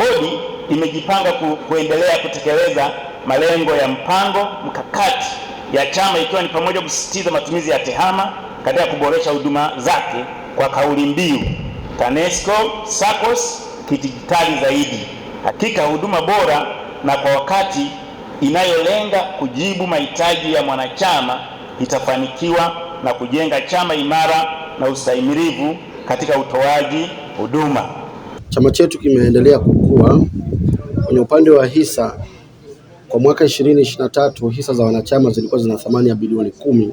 bodi imejipanga ku, kuendelea kutekeleza malengo ya mpango mkakati ya chama ikiwa ni pamoja kusisitiza matumizi ya TEHAMA katika kuboresha huduma zake kwa kauli mbiu TANESCO SACCOS kidijitali zaidi, hakika huduma bora na kwa wakati, inayolenga kujibu mahitaji ya mwanachama itafanikiwa na kujenga chama imara na ustahimilivu katika utoaji huduma. Chama chetu kimeendelea kukua kwenye upande wa hisa. Kwa mwaka ishirini na tatu hisa za wanachama zilikuwa zina thamani ya bilioni kumi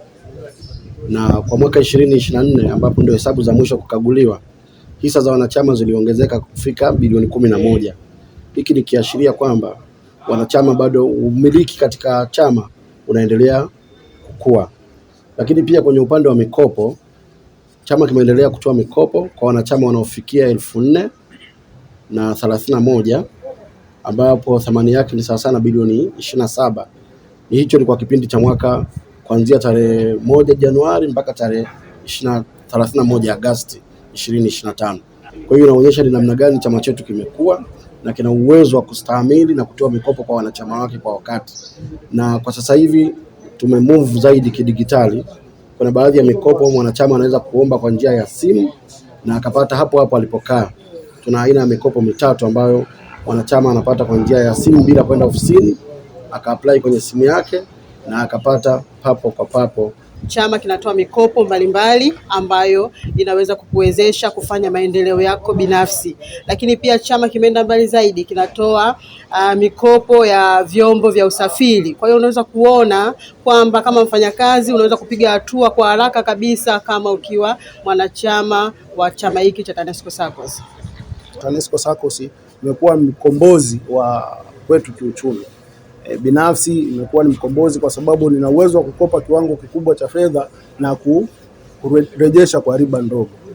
na kwa mwaka ishirini ambapo ndio hesabu za mwisho kukaguliwa, hisa za wanachama ziliongezeka kufika bilioni kumi na moja. Hiki ni kiashiria kwamba wanachama bado, umiliki katika chama unaendelea kukua. Lakini pia kwenye upande wa mikopo, chama kimeendelea kutoa mikopo kwa wanachama wanaofikia elfu nne na thelathini na moja ambapo thamani yake ni sawa sana bilioni ishirini na saba. Ni hicho ni kwa kipindi cha mwaka kuanzia tarehe moja Januari mpaka tarehe thelathini na moja Agosti ishirini ishirini na tano. Kwa hiyo inaonyesha ni namna gani chama chetu kimekuwa na kina uwezo wa kustahimili na kutoa mikopo kwa wanachama wake kwa wakati, na kwa sasa hivi move zaidi kidigitali. Kuna baadhi ya mikopo mwanachama anaweza kuomba kwa njia ya simu na akapata hapo hapo alipokaa. Tuna aina ya mikopo mitatu ambayo mwanachama anapata kwa njia ya simu bila kwenda ofisini, akaapply kwenye simu yake na akapata papo kwa papo. Chama kinatoa mikopo mbalimbali mbali ambayo inaweza kukuwezesha kufanya maendeleo yako binafsi, lakini pia chama kimeenda mbali zaidi, kinatoa uh, mikopo ya vyombo vya usafiri. Kwa hiyo unaweza kuona kwamba kama mfanyakazi unaweza kupiga hatua kwa haraka kabisa kama ukiwa mwanachama wa chama hiki cha TANESCO SACCOS. TANESCO SACCOS imekuwa mkombozi wa kwetu kiuchumi. E, binafsi imekuwa ni mkombozi kwa sababu nina uwezo wa kukopa kiwango kikubwa cha fedha na kurejesha kwa riba ndogo.